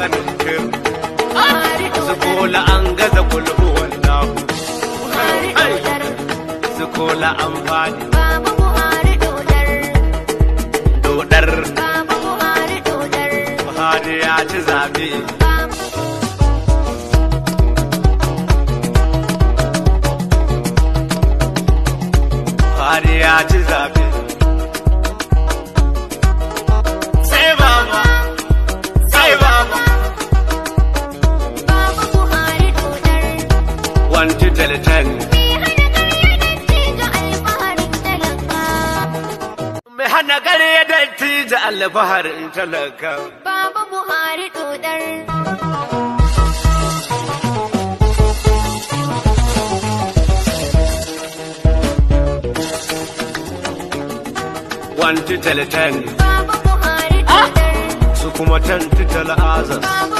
sanin kir su an gaza kulhu wallahu su an fadi baba buhari dodar dodar buhari dodar buhari ya ci zabe buhari ya ci zabe talatan. Mai hana gari ya dalti da alfaharin talaka. Baba Buhari dodar. Wanti talatan. Baba Buhari dodar. Su kuma tanti talazas. Baba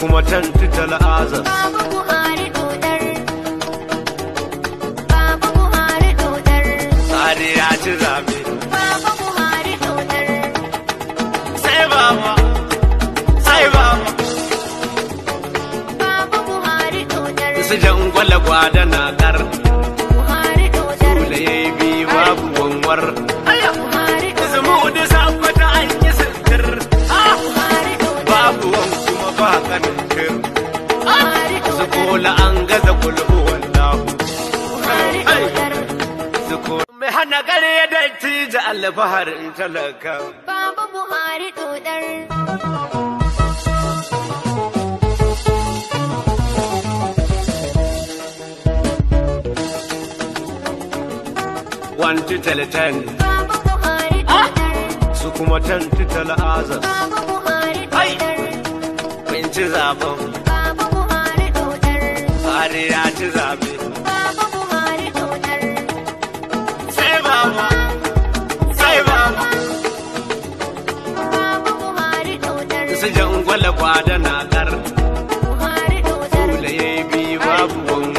kuma tantu tal'azar. Buhari dodar. Buhari dodar. Sani ya ci Buhari dodar. Sai baba. Sai Buhari dodar. Su jan gwada na kar. Buhari dodar. Sule ya yi biyu babu wangwar. Mai hana gare ya danti da alfaharin talaka. Babu Buhari dodar. One to tell ten. Baba Buhari ah! dodar. Su kuma ten to tell azas. Baba Buhari dodar. Kun ci zaben. Baba Buhari dodar. Buhari ya ci zabe.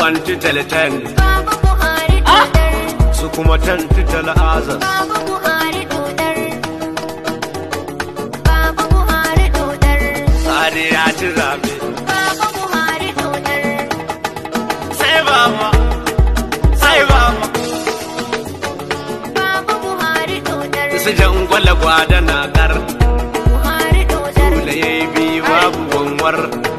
kwanti teleten Baba Buhari ah! dodar Su kuma tanti azas Baba Buhari dodar Baba Buhari dodar Sadi ya ci zabe Baba Buhari dodar Sai baba Sai baba Baba Buhari dodar Su jangwala gwada na kar Buhari dodar Sule ya yi biyu babu wanwar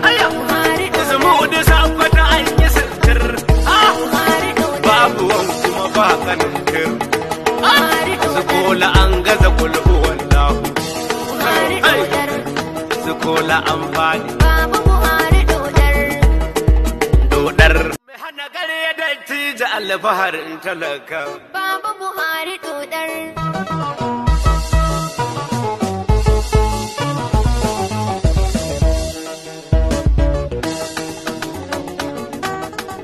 kola amfani. Baba Buhari dodar. Dodar. Mai hana gare ya danci ji alfaharin talaka. Baba Buhari dodar.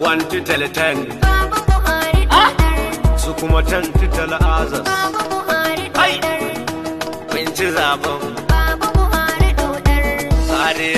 One to tell ten. Baba Buhari ah! dodar. Su kuma ten to tell others. Baba Buhari dodar. Ai, binci zaben.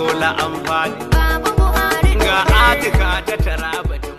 kola amfani. ga atika ta taraba